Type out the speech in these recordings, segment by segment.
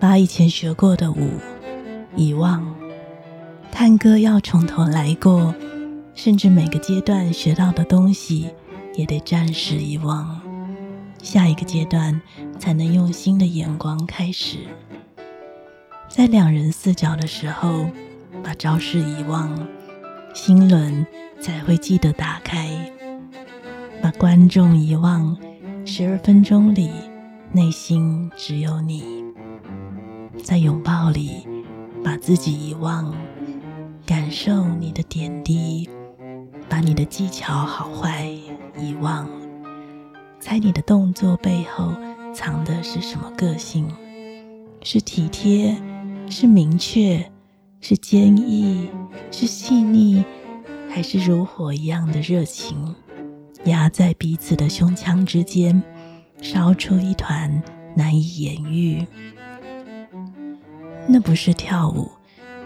把以前學過的舞遺忘，探戈要從頭來過，甚至每個階段學到的東西也得暫時遺忘，下一個階段才能用新的眼光開始。在兩人四角的時候，把招式遺忘，心輪才會記得打開。把觀眾遺忘，十二分鐘裡內心只有你。在擁抱裡把自己遺忘，感受你的點滴，把你的技巧好壞遺忘，猜你的動作背後藏的是什麼個性？是體貼，是明確，是堅毅，是細膩，還是如火一樣的熱情？壓在彼此的胸腔之間，燒出一團難以言喻。那不是跳舞，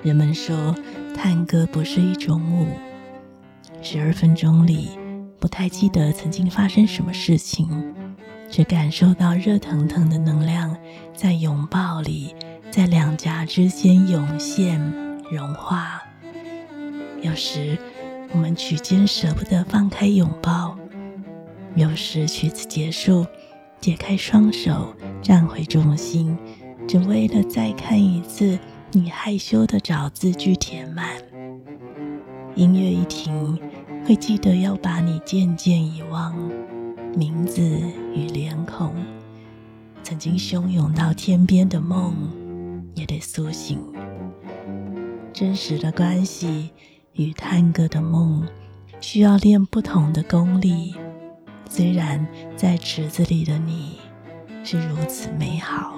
人們說探戈不是一種舞。十二分鐘裡，不太記得曾經發生什麼事情，只感受到熱騰騰的能量在擁抱裡，在兩頰之間湧現、融化。有時我們曲間舍不得放開擁抱，有時曲子結束，解開雙手，站回重心。只為了再看一次你害羞的找字句填滿，音樂一停，會記得要把你漸漸遺忘，名字與臉孔，曾經洶湧到天邊的夢，也得甦醒。真實的關係與探戈的夢，需要練不同的功力。雖然在池子裡的你，是如此美好。